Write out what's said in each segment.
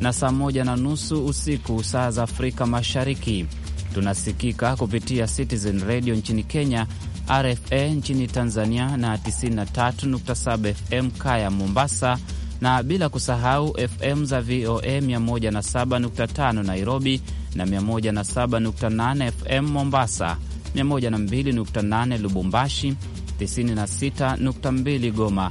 na saa moja na nusu usiku saa za Afrika Mashariki. Tunasikika kupitia Citizen Radio nchini Kenya, RFA nchini Tanzania na 93.7 FM Kaya Mombasa, na bila kusahau FM za VOA 107.5 Nairobi na 107.8 FM Mombasa, 102.8 Lubumbashi, 96.2 Goma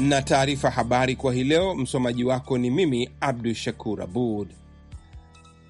na taarifa habari kwa hii leo. Msomaji wako ni mimi Abdu Shakur Abud.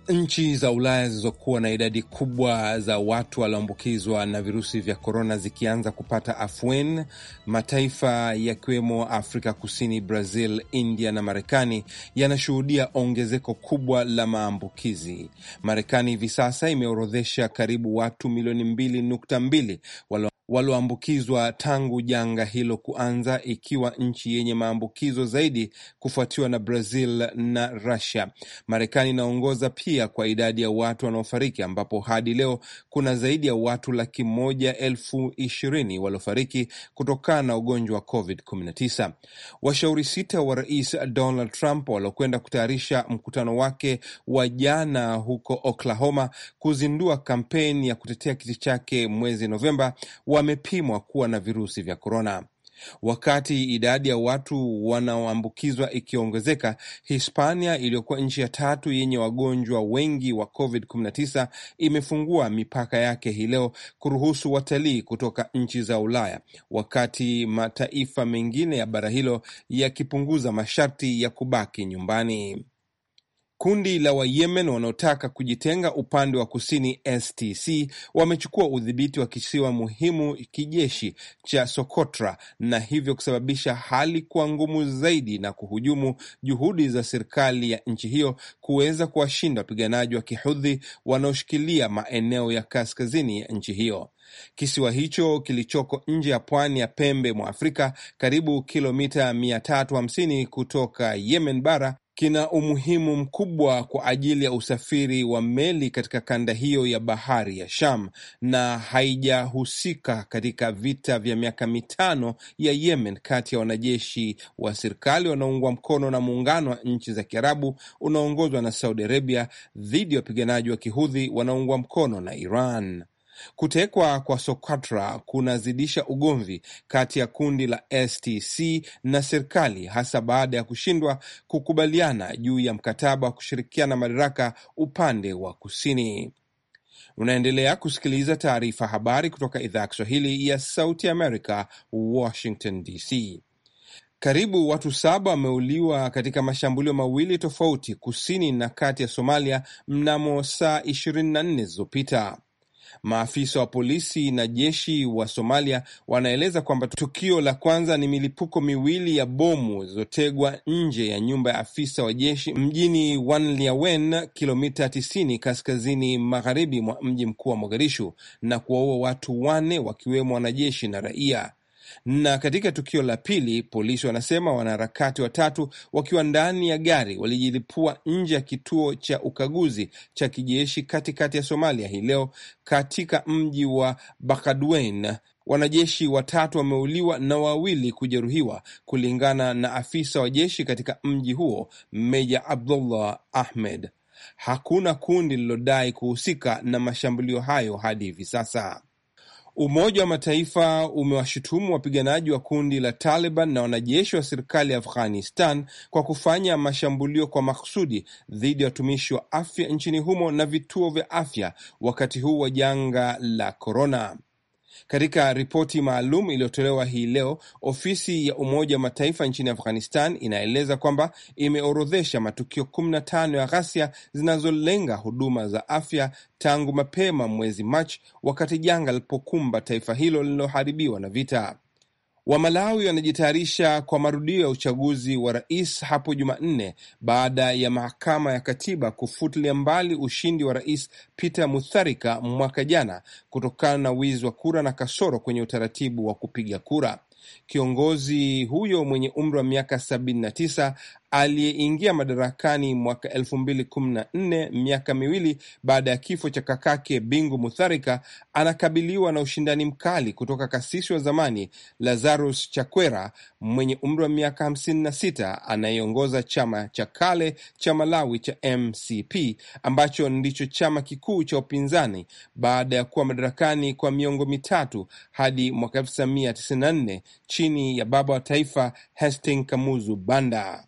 Nchi za Ulaya zilizokuwa na idadi kubwa za watu walioambukizwa na virusi vya korona zikianza kupata afueni, mataifa yakiwemo Afrika Kusini, Brazil, India na Marekani yanashuhudia ongezeko kubwa la maambukizi. Marekani hivi sasa imeorodhesha karibu watu milioni mbili nukta mbili walio walioambukizwa tangu janga hilo kuanza, ikiwa nchi yenye maambukizo zaidi kufuatiwa na Brazil na Russia. Marekani inaongoza pia kwa idadi ya watu wanaofariki ambapo hadi leo kuna zaidi ya watu laki moja elfu ishirini waliofariki kutokana na ugonjwa wa COVID-19. Washauri sita wa rais Donald Trump waliokwenda kutayarisha mkutano wake wa jana huko Oklahoma kuzindua kampeni ya kutetea kiti chake mwezi Novemba wamepimwa kuwa na virusi vya korona. Wakati idadi ya watu wanaoambukizwa ikiongezeka, Hispania iliyokuwa nchi ya tatu yenye wagonjwa wengi wa COVID-19 imefungua mipaka yake hii leo kuruhusu watalii kutoka nchi za Ulaya, wakati mataifa mengine ya bara hilo yakipunguza masharti ya kubaki nyumbani. Kundi la Wayemen wanaotaka kujitenga upande wa kusini STC wamechukua udhibiti wa kisiwa muhimu kijeshi cha sokotra na hivyo kusababisha hali kuwa ngumu zaidi na kuhujumu juhudi za serikali ya nchi hiyo kuweza kuwashinda wapiganaji wa Kihudhi wanaoshikilia maeneo ya kaskazini ya nchi hiyo. Kisiwa hicho kilichoko nje ya pwani ya pembe mwa Afrika, karibu kilomita 350 kutoka Yemen bara kina umuhimu mkubwa kwa ajili ya usafiri wa meli katika kanda hiyo ya Bahari ya Sham na haijahusika katika vita vya miaka mitano ya Yemen kati ya wanajeshi wa serikali wanaoungwa mkono na muungano wa nchi za Kiarabu unaoongozwa na Saudi Arabia dhidi ya wapiganaji wa Kihudhi wanaoungwa mkono na Iran. Kutekwa kwa Socotra kunazidisha ugomvi kati ya kundi la STC na serikali hasa baada ya kushindwa kukubaliana juu ya mkataba wa kushirikiana madaraka upande wa kusini. Unaendelea kusikiliza taarifa habari kutoka idhaa ya Kiswahili ya Sauti america Washington DC. Karibu watu saba wameuliwa katika mashambulio mawili tofauti kusini na kati ya Somalia mnamo saa 24 zilizopita. Maafisa wa polisi na jeshi wa Somalia wanaeleza kwamba tukio la kwanza ni milipuko miwili ya bomu zilizotegwa nje ya nyumba ya afisa wa jeshi mjini Wanliawen, kilomita 90 kaskazini magharibi mwa mji mkuu wa Mogadishu, na kuwaua watu wanne wakiwemo wanajeshi na raia. Na katika tukio la pili, polisi wanasema wanaharakati watatu wakiwa ndani ya gari walijilipua nje ya kituo cha ukaguzi cha kijeshi katikati ya Somalia hii leo katika mji wa Bakadwein. Wanajeshi watatu wameuliwa na wawili kujeruhiwa, kulingana na afisa wa jeshi katika mji huo, Meja Abdullah Ahmed. Hakuna kundi lililodai kuhusika na mashambulio hayo hadi hivi sasa. Umoja wa Mataifa umewashutumu wapiganaji wa kundi la Taliban na wanajeshi wa serikali ya Afghanistan kwa kufanya mashambulio kwa makusudi dhidi ya watumishi wa afya nchini humo na vituo vya afya wakati huu wa janga la korona. Katika ripoti maalum iliyotolewa hii leo, ofisi ya Umoja wa Mataifa nchini Afghanistan inaeleza kwamba imeorodhesha matukio 15 ya ghasia zinazolenga huduma za afya tangu mapema mwezi Machi, wakati janga lilipokumba taifa hilo lililoharibiwa na vita. Wamalawi wanajitayarisha kwa marudio ya uchaguzi wa rais hapo Jumanne baada ya mahakama ya katiba kufutilia mbali ushindi wa rais Peter Mutharika mwaka jana kutokana na wizi wa kura na kasoro kwenye utaratibu wa kupiga kura. Kiongozi huyo mwenye umri wa miaka 79 aliyeingia madarakani mwaka elfu mbili kumi na nne miaka miwili baada ya kifo cha kakake Bingu Mutharika, anakabiliwa na ushindani mkali kutoka kasisi wa zamani Lazarus Chakwera mwenye umri wa miaka 56 anayeongoza chama cha kale cha Malawi cha MCP ambacho ndicho chama kikuu cha upinzani baada ya kuwa madarakani kwa miongo mitatu hadi mwaka 1994 chini ya baba wa taifa Hastings Kamuzu Banda.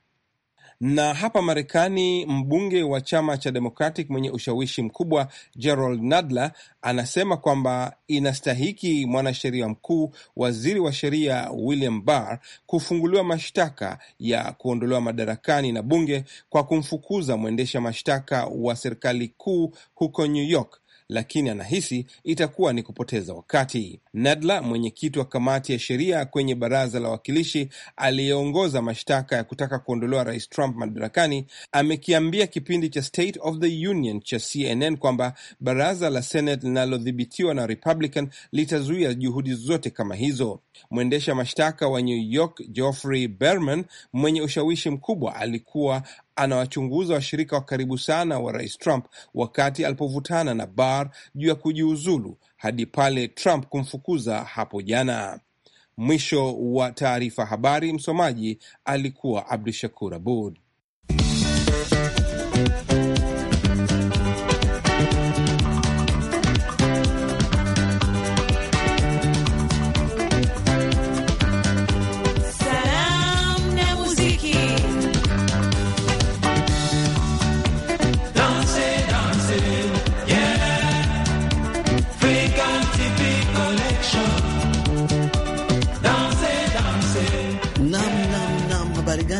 Na hapa Marekani, mbunge wa chama cha Democratic mwenye ushawishi mkubwa Gerald Nadler anasema kwamba inastahiki mwanasheria mkuu, waziri wa sheria William Barr kufunguliwa mashtaka ya kuondolewa madarakani na bunge kwa kumfukuza mwendesha mashtaka wa serikali kuu huko New York lakini anahisi itakuwa ni kupoteza wakati. Nadla, mwenyekiti wa kamati ya sheria kwenye baraza la wawakilishi aliyeongoza mashtaka ya kutaka kuondolewa rais Trump madarakani, amekiambia kipindi cha State of the Union cha CNN kwamba baraza la Senate linalodhibitiwa na Republican litazuia juhudi zote kama hizo. Mwendesha mashtaka wa New York Geoffrey Berman mwenye ushawishi mkubwa alikuwa anawachunguza washirika wa karibu sana wa rais Trump wakati alipovutana na Barr juu ya kujiuzulu hadi pale Trump kumfukuza hapo jana. Mwisho wa taarifa. Habari msomaji alikuwa Abdu Shakur Abud.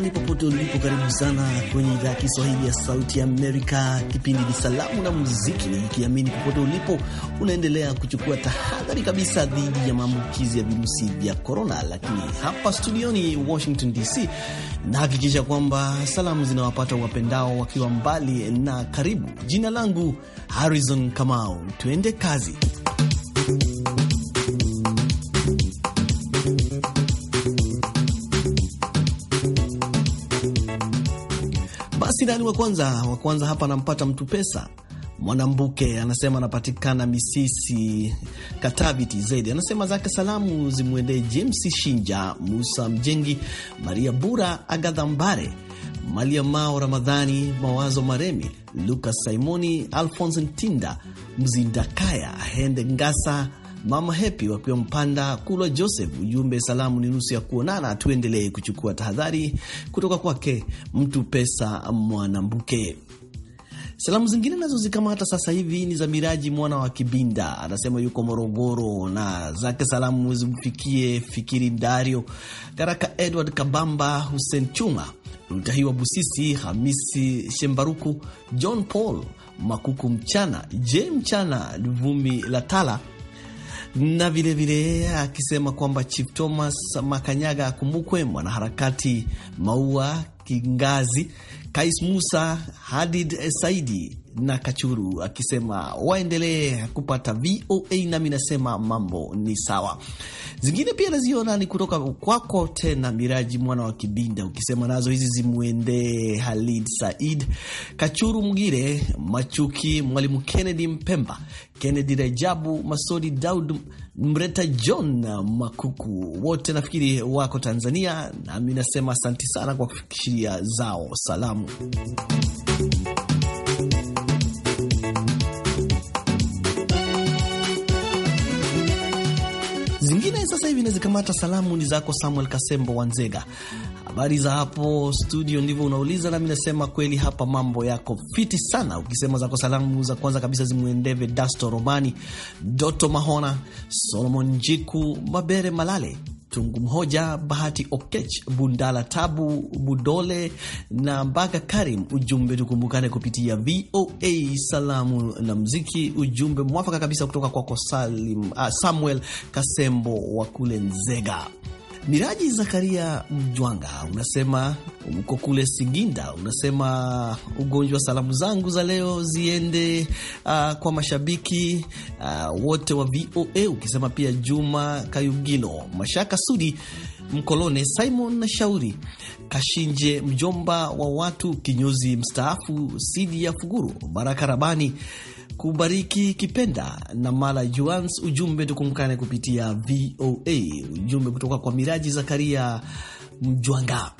Marekani, popote ulipo, karibu sana kwenye idhaa ya Kiswahili ya Sauti ya Amerika. Kipindi ni Salamu na Muziki, nikiamini popote ulipo unaendelea kuchukua tahadhari kabisa dhidi ya maambukizi ya virusi vya korona. Lakini hapa studioni Washington DC nahakikisha kwamba salamu zinawapata wapendao wakiwa mbali na karibu. Jina langu Harrison Kamau, tuende kazi. Nani wa kwanza wa kwanza hapa anampata mtu pesa Mwanambuke anasema anapatikana Misisi, Katavi, zaidi Anasema zake salamu zimwendee James Shinja, Musa Mjengi, Maria Bura, Agadha Mbare, Malia Mao, Ramadhani Mawazo, Maremi, Lukas Simoni, Alfons Ntinda, Mzindakaya, Hende Ngasa, Mama Hepi wakiwa Mpanda Kulwa Joseph. Ujumbe salamu ni nusu ya kuonana, tuendelee kuchukua tahadhari kutoka kwake mtu pesa Mwanambuke. Salamu zingine nazo zikamata sasa hivi ni za Miraji mwana wa Kibinda, anasema yuko Morogoro na zake salamu zimfikie Fikiri Dario, Karaka Edward Kabamba, Hussein Chuma Lutahiwa Busisi, Hamisi Shembaruku, John Paul Makuku, Mchana Je Mchana la tala na vilevile akisema kwamba Chief Thomas Makanyaga akumbukwe, mwanaharakati Maua Kingazi, Kais Musa, Hadid Saidi na kachuru akisema waendelee kupata VOA, nami nasema mambo ni sawa. Zingine pia naziona ni kutoka kwako tena, Miraji mwana wa Kibinda, ukisema nazo hizi zimwendee Halid Said Kachuru, Mgire Machuki, Mwalimu Kennedy Mpemba, Kennedy Rajabu, Masodi Daud, Mreta John Makuku, wote nafikiri wako Tanzania, nami nasema asanti sana kwa kufikishia zao salamu. sasa hivi nazikamata salamu ni zako Samuel Kasembo Wanzega, habari za hapo studio? Ndivyo unauliza, nami nasema kweli hapa mambo yako fiti sana. Ukisema zako salamu za kwanza kabisa zimwendee Vedasto Romani, Doto Mahona, Solomon jiku Mabere Malale Tungu Mhoja, Bahati Okech, Bundala Tabu Budole na Mbaka Karim. Ujumbe tukumbukane kupitia VOA Salamu na Mziki. Ujumbe mwafaka kabisa kutoka kwako Salim, uh, Samuel Kasembo wa kule Nzega. Miraji Zakaria Mjwanga unasema uko kule Singinda, unasema ugonjwa, salamu zangu za leo ziende uh, kwa mashabiki uh, wote wa VOA, ukisema pia Juma Kayugilo, Mashaka Sudi Mkolone, Simon na Shauri Kashinje, mjomba wa watu kinyozi mstaafu, Sidi ya Fuguru, Baraka Rabani kubariki kipenda na mara Juans. Ujumbe tukumkane kupitia VOA, ujumbe kutoka kwa Miraji Zakaria Mjwanga.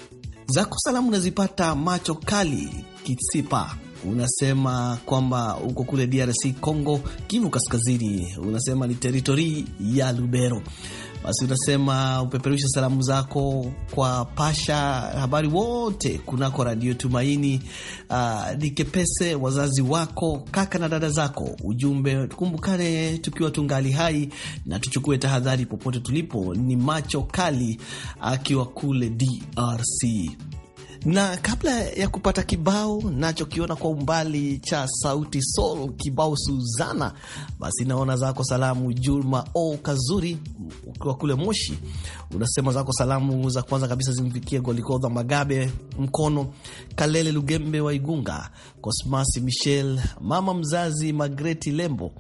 Zako salamu nazipata macho kali Kisipa, unasema kwamba uko kule DRC Congo, Kivu Kaskazini, unasema ni teritori ya Lubero basi unasema upeperusha salamu zako kwa pasha habari wote kunako Radio Tumaini, uh, nikepese wazazi wako, kaka na dada zako. Ujumbe, tukumbukane tukiwa tungali hai na tuchukue tahadhari popote tulipo. Ni macho kali akiwa kule DRC na kabla ya kupata kibao nachokiona kwa umbali cha Sauti Sol, kibao Suzana, basi naona zako salamu Juma O Kazuri ukiwa kule Moshi, unasema zako salamu za kwanza kabisa zimfikie Golikodha Magabe Mkono, Kalele Lugembe wa Igunga, Cosmas Michel, mama mzazi Magreti Lembo,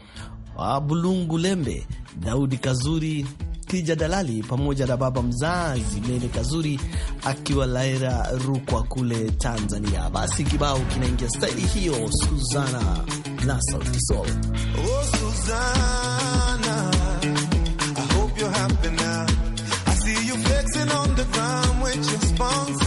Bulungu Lembe, Daudi Kazuri Kija Dalali pamoja na baba mzazi Mele Kazuri akiwa Laira Rukwa kule Tanzania. Basi kibao kinaingia staili hiyo, Suzana na Sauti Sol. Oh, Suzana, I hope you're happy now. I see you flexing on the ground with your sponsor.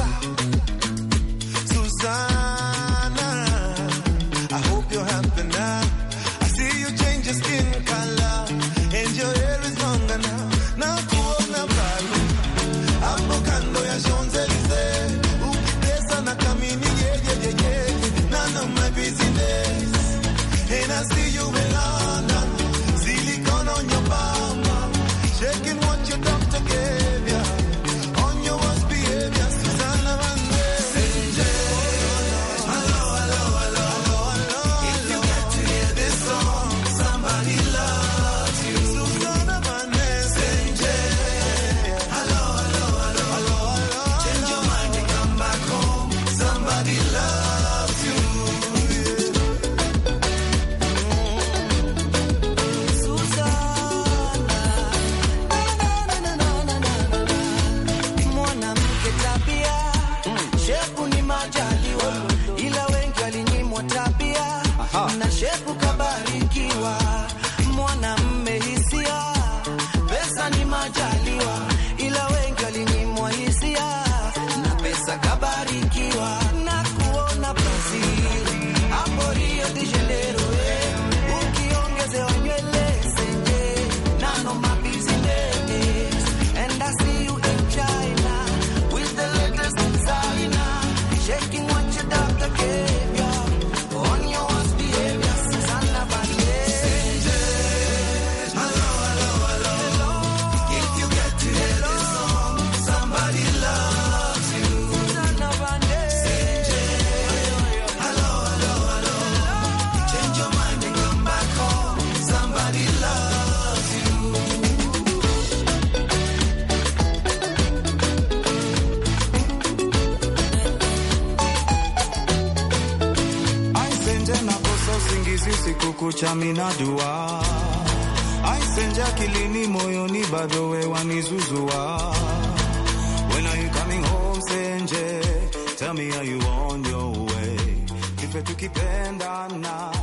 kucha minajua aisenja kilini moyoni bado we wanizuzua When are you coming home Senje tell me are you on your way ife tukipendana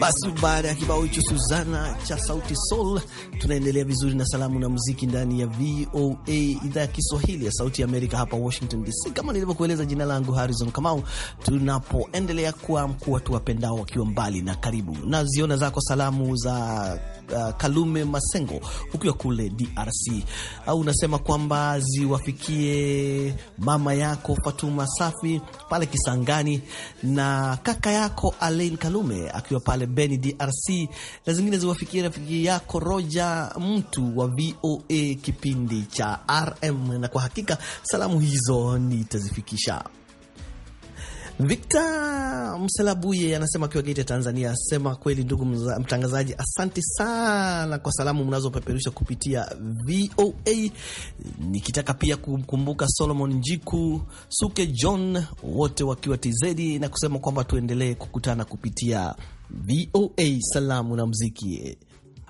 basi baada ya kibao hicho Suzana cha Sauti Sol, tunaendelea vizuri na salamu na muziki ndani ya VOA idhaa ya Kiswahili ya Sauti ya Amerika hapa Washington DC. Kama nilivyokueleza, jina langu Harrison Kamau, tunapoendelea kuwa mkuu watu wapendao wakiwa mbali na karibu. Naziona zako salamu za uh, Kalume Masengo, ukiwa kule DRC, au unasema kwamba ziwafikie mama yako Fatuma Safi pale Kisangani na kaka yako Alain Kalume akiwa pale Beni DRC, na zingine ziwafikie rafiki yako Roja mtu wa VOA kipindi cha RM, na kwa hakika salamu hizo nitazifikisha. Victor Mselabuye anasema akiwa Geita, Tanzania, asema kweli, ndugu mtangazaji, asante sana kwa salamu mnazopeperusha kupitia VOA, nikitaka pia kumkumbuka Solomon Njiku, Suke John, wote wakiwa TZ, na kusema kwamba tuendelee kukutana kupitia VOA salamu na mziki.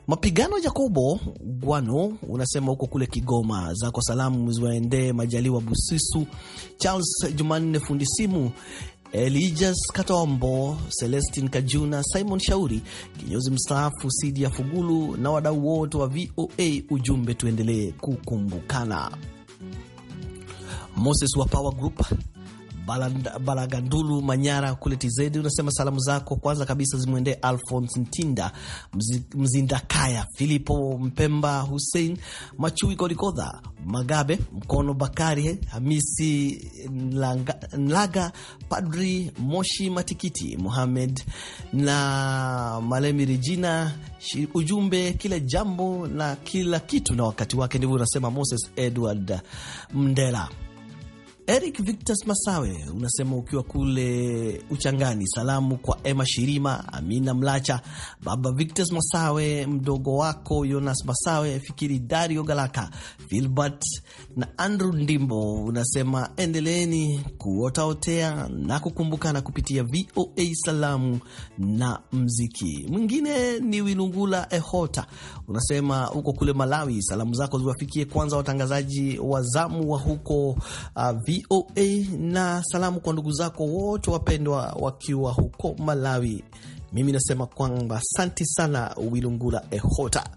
Mapigano Jacobo Gwano unasema huko kule Kigoma, zako salamu ziwaendee Majaliwa Busisu, Charles Jumanne fundi simu Elijas Katombo, Celestin Kajuna, Simon Shauri, kinyozi mstaafu sidi ya Fugulu na wadau wote wa VOA. Ujumbe tuendelee kukumbukana. Moses wa Power Group Balagandulu, Manyara kule Tizedi, unasema salamu zako kwanza kabisa zimwendee Alphonse Ntinda, Mzindakaya, Filipo Mpemba, Hussein Machui, Korikodha Magabe, Mkono Bakari, Hamisi Nlaga, Nlaga, Padri Moshi Matikiti, Muhamed na Malemi Regina. Ujumbe kila jambo na kila kitu na wakati wake, ndivyo unasema Moses Edward Mndela. Eric Victus Masawe unasema ukiwa kule Uchangani, salamu kwa Emma Shirima, Amina Mlacha, Baba Victus Masawe, mdogo wako Jonas Masawe, Fikiri Dario Galaka, Filbert na Andrew Ndimbo. Unasema endeleeni kuotaotea na kukumbukana kupitia VOA salamu na mziki. Mwingine ni Wilungula Ehota, unasema uko kule Malawi, salamu zako ziwafikie kwanza watangazaji wa zamu wa huko uh, VOA na salamu kwa ndugu zako wote wapendwa wakiwa huko Malawi. Mimi nasema kwamba asanti sana Wilungula Ehota.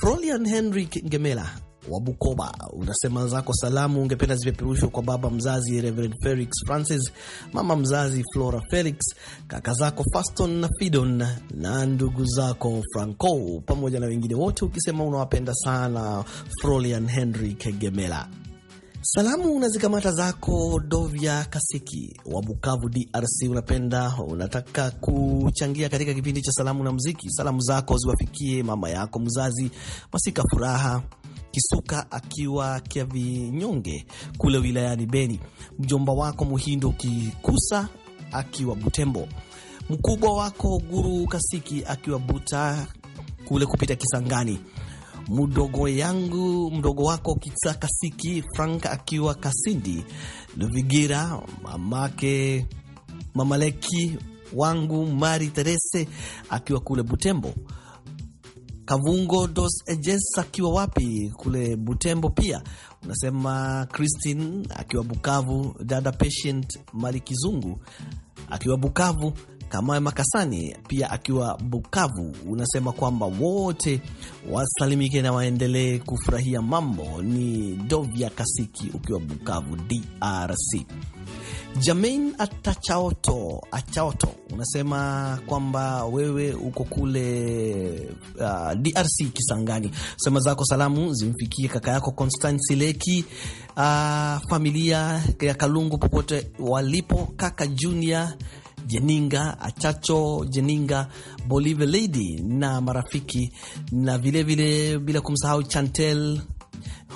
Frolian Henrik Ngemela wa Bukoba unasema zako salamu ungependa zipeperushwe kwa baba mzazi Reverend Felix Francis, mama mzazi Flora Felix, kaka zako Faston na Fidon na ndugu zako Franco pamoja na wengine wote, ukisema unawapenda sana. Frolian Henrik Gemela Salamu na zikamata zako Dovya Kasiki wa Bukavu, DRC. Unapenda unataka kuchangia katika kipindi cha salamu na muziki. Salamu zako ziwafikie mama yako mzazi Masika Furaha Kisuka akiwa Kyavinyonge kule wilayani Beni, mjomba wako Muhindo Kikusa akiwa Butembo, mkubwa wako Guru Kasiki akiwa Buta kule kupita Kisangani mdogo yangu mdogo wako Kisaka Siki Frank akiwa Kasindi Luvigira, mamake mamaleki wangu Mari Terese akiwa kule Butembo, Kavungo Dos Ejes akiwa wapi kule Butembo. Pia unasema Christine akiwa Bukavu, dada Patient Mali Kizungu akiwa Bukavu Kamawe Makasani pia akiwa Bukavu, unasema kwamba wote wasalimike na waendelee kufurahia mambo. Ni Dovya Kasiki ukiwa Bukavu, DRC. Jamain Atachaoto Achaoto unasema kwamba wewe uko kule uh, DRC Kisangani, sema zako salamu zimfikie kaka yako Constant Sileki, uh, familia ya Kalungu popote walipo, kaka Junior Jeninga Achacho Jeninga, Bolive Lady na marafiki, na vilevile bila kumsahau Chantel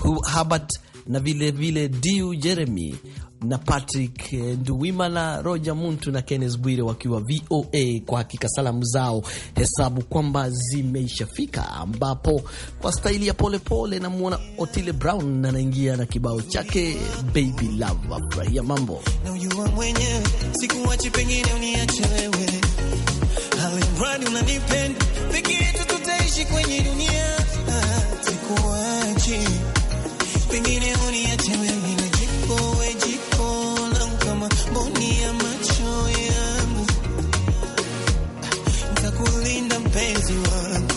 Hubert na vilevile Diu Jeremy na Patrick eh, Nduwimana, Roger Muntu na Kenneth Bwire wakiwa VOA. Kwa hakika salamu zao hesabu kwamba zimeishafika, ambapo kwa staili ya polepole namwona Otile Brown anaingia na, na kibao chake Baby Love. Afurahia mambo no, things you want.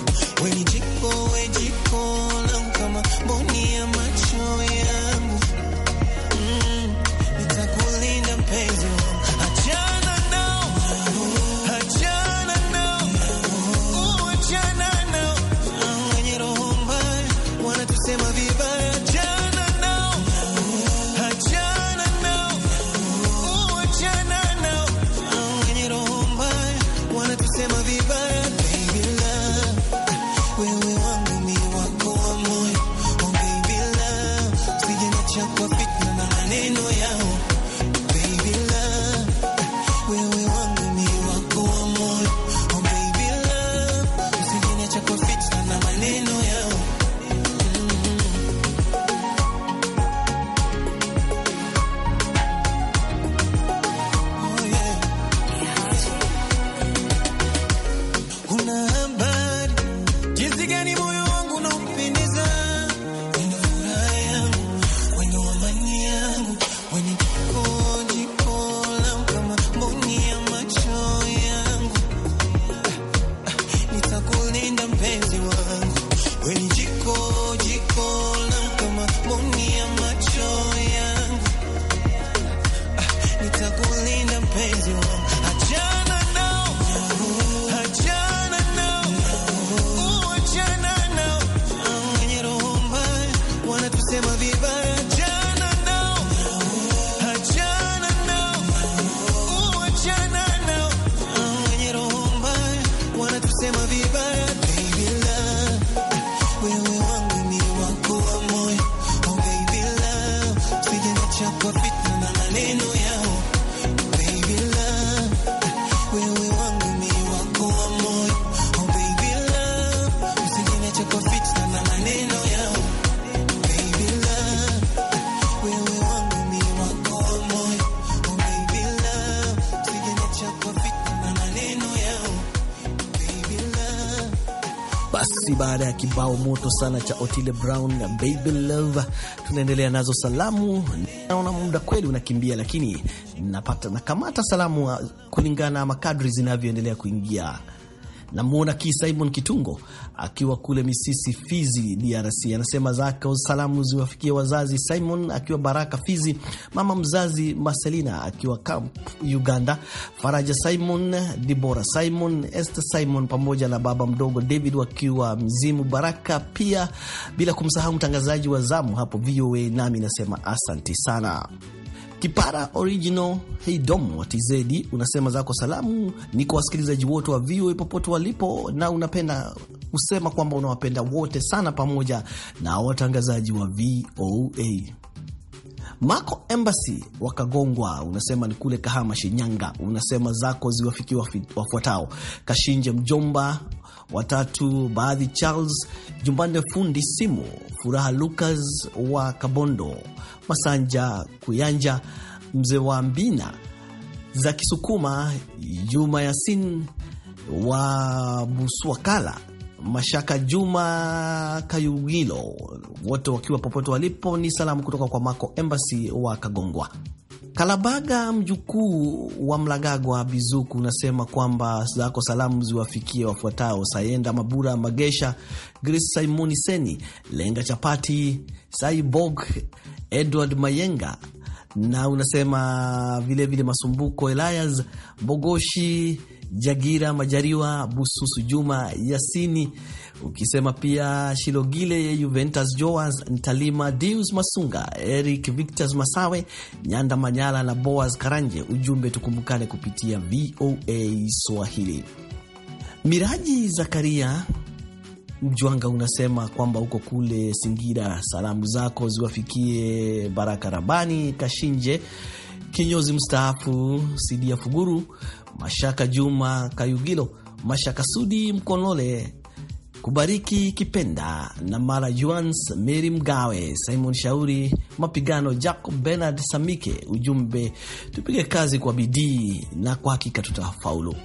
basi baada ya kibao moto sana cha Otile Brown na Baby Love, tunaendelea nazo salamu. Naona muda kweli unakimbia, lakini napata nakamata salamu uh, kulingana na makadri zinavyoendelea kuingia Namwona ki Simon Kitungo akiwa kule Misisi, Fizi, DRC, anasema zake salamu ziwafikie wazazi Simon akiwa Baraka Fizi, mama mzazi Marcelina akiwa Camp Uganda, Faraja Simon, Dibora Simon, Este Simon pamoja na baba mdogo David wakiwa Mzimu Baraka, pia bila kumsahau mtangazaji wa zamu hapo VOA. Nami nasema asanti sana. Kipara original hey dom watizedi, unasema zako salamu ni kwa wasikilizaji wote wa VOA popote walipo, na unapenda kusema kwamba unawapenda wote sana, pamoja na watangazaji wa VOA. Mako Embassy wakagongwa unasema ni kule Kahama, Shinyanga. Unasema zako ziwafikie wafuatao: Kashinje mjomba watatu baadhi Charles jumbane fundi simu, Furaha Lucas wa Kabondo, Masanja Kuyanja, mzee wa Mbina za Kisukuma, Juma Yasin wa Buswakala, Mashaka Juma Kayugilo, wote wakiwa popote walipo. Ni salamu kutoka kwa Mako Embassy wa Kagongwa. Kalabaga, mjukuu wa Mlagagwa Bizuku, unasema kwamba zako salamu ziwafikie wafuatao: Sayenda Mabura Magesha, Grace Simoni Seni, Lenga Chapati, Saibog Edward Mayenga, na unasema vilevile vile Masumbuko Elias Bogoshi Jagira Majariwa, Bususu Juma Yasini, ukisema pia Shilogile, ya Juventus Joas Ntalima, Deus Masunga, Eric Victos Masawe, Nyanda Manyala na Boas Karanje. Ujumbe, tukumbukane kupitia VOA Swahili. Miraji Zakaria Mjwanga unasema kwamba uko kule Singira, salamu zako ziwafikie Baraka Rabani Kashinje kinyozi mstaafu Sidia Fuguru Mashaka Juma Kayugilo, Mashaka Sudi Mkonole, Kubariki Kipenda na Mara Juans, Meri Mgawe, Simon Shauri, Mapigano, Jacob Bernard Samike. Ujumbe, tupige kazi kwa bidii na kwa hakika tutafaulu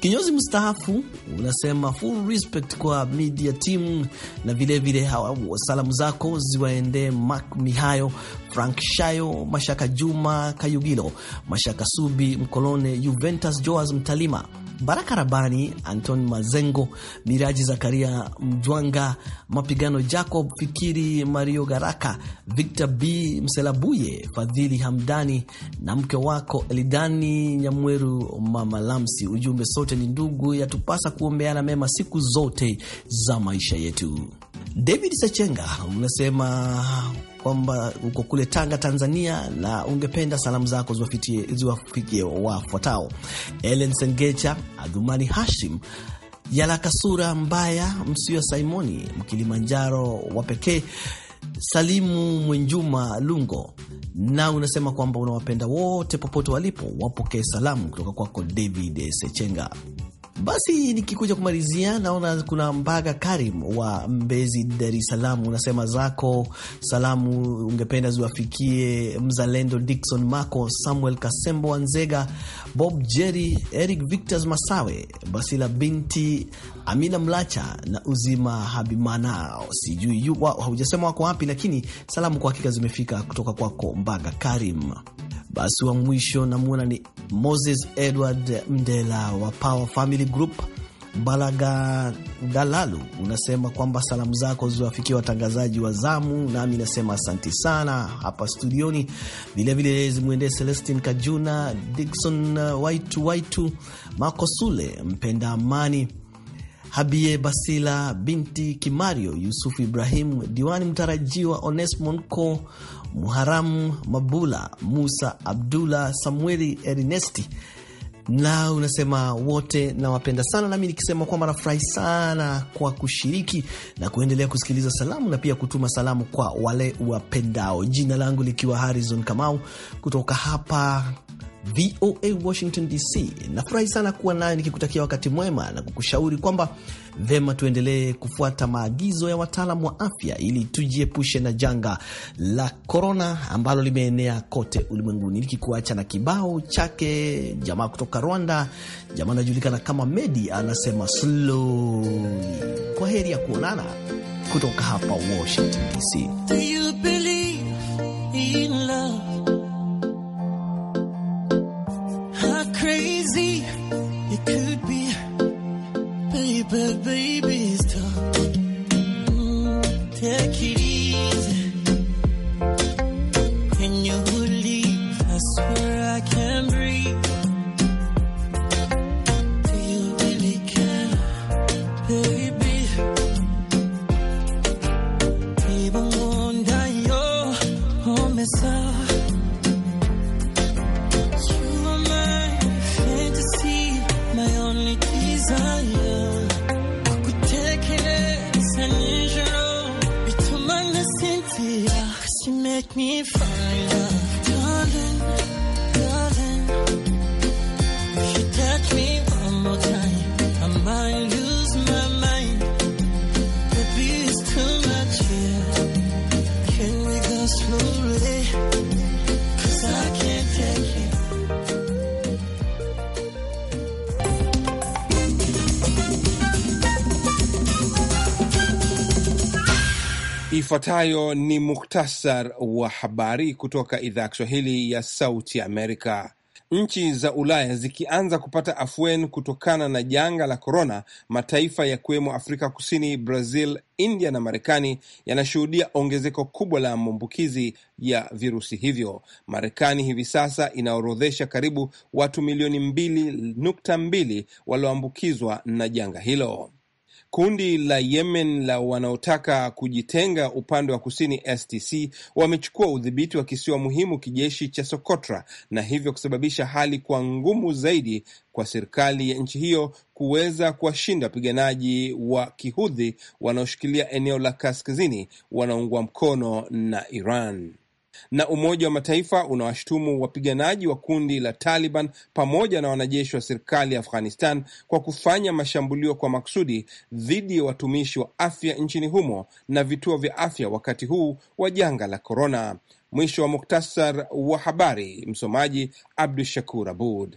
kinyozi mstaafu unasema full respect kwa media team, na vilevile salamu zako ziwaendee Mark Mihayo, Frank Shayo, Mashaka Juma Kayugilo, Mashaka Subi, Mkolone Juventus, Joas Mtalima Baraka Rabani, Anton Mazengo, Miraji Zakaria Mjwanga, Mapigano Jacob Fikiri, Mario Garaka, Victor B Mselabuye, Fadhili Hamdani na mke wako Elidani Nyamweru, Mama Lamsi. Ujumbe, sote ni ndugu, yatupasa kuombeana mema siku zote za maisha yetu. David Sechenga unasema kwamba uko kule Tanga, Tanzania, na ungependa salamu zako ziwafikie wafuatao: Ellen Sengecha, Adhumani Hashim, Yalakasura Mbaya, Msio Simoni Mkilimanjaro wa pekee, Salimu Mwenjuma Lungo, na unasema kwamba unawapenda wote popote walipo, wapokee salamu kutoka kwako David Sechenga. Basi nikikuja kumalizia, naona kuna Mbaga Karim wa Mbezi, Dar es Salaam, unasema zako salamu ungependa ziwafikie Mzalendo Dikson Mako, Samuel Kasembo Wanzega, Bob Jerry, Eric Victor Masawe, Basila binti Amina Mlacha na Uzima Habimana. Sijui haujasema wako wapi, lakini salamu kwa hakika zimefika kutoka kwako Mbaga Karim. Basi wa mwisho namwona ni Moses Edward Mdela wa Power Family Group Galalu, unasema kwamba salamu zako ziwafikia watangazaji wa zamu, nami nasema asanti sana hapa studioni. Vilevile zimwendee Celestin Kajuna, Dikson Waitu Waitu, Makosule Mpenda Amani Habie Basila binti Kimario, Yusufu Ibrahimu, diwani mtarajiwa Onesmo Nko, Muharamu Mabula, Musa Abdullah, Samueli Ernesti na unasema wote nawapenda sana, nami nikisema kwamba nafurahi sana kwa kushiriki na kuendelea kusikiliza salamu na pia kutuma salamu kwa wale wapendao. Jina langu likiwa Harrison Kamau kutoka hapa VOA Washington DC. Nafurahi sana kuwa nayo nikikutakia wakati mwema na kukushauri kwamba vema tuendelee kufuata maagizo ya wataalam wa afya ili tujiepushe na janga la korona ambalo limeenea kote ulimwenguni. likikuacha na kibao chake jamaa kutoka Rwanda, jamaa anajulikana kama Medi, anasema slowly. Kwa heri ya kuonana kutoka hapa Washington DC. Do you believe in love? but baby, it's tough. take it easy. Can you leave? I swear I can not breathe. Do you really care, baby? Ifuatayo ni muhtasar wa habari kutoka idhaa ya Kiswahili ya Sauti Amerika. Nchi za Ulaya zikianza kupata afueni kutokana na janga la korona, mataifa yakiwemo Afrika Kusini, Brazil, India na Marekani yanashuhudia ongezeko kubwa la maambukizi ya virusi hivyo. Marekani hivi sasa inaorodhesha karibu watu milioni mbili nukta mbili walioambukizwa na janga hilo. Kundi la Yemen la wanaotaka kujitenga upande wa kusini STC wamechukua udhibiti wa kisiwa muhimu kijeshi cha Sokotra na hivyo kusababisha hali kuwa ngumu zaidi kwa serikali ya nchi hiyo kuweza kuwashinda wapiganaji wa kihudhi wanaoshikilia eneo la kaskazini wanaoungwa mkono na Iran na Umoja wa Mataifa unawashutumu wapiganaji wa kundi la Taliban pamoja na wanajeshi wa serikali ya Afghanistan kwa kufanya mashambulio kwa makusudi dhidi ya watumishi wa afya nchini humo na vituo vya afya wakati huu wa janga la korona. Mwisho wa muktasar wa habari. Msomaji Abdu Shakur Abud.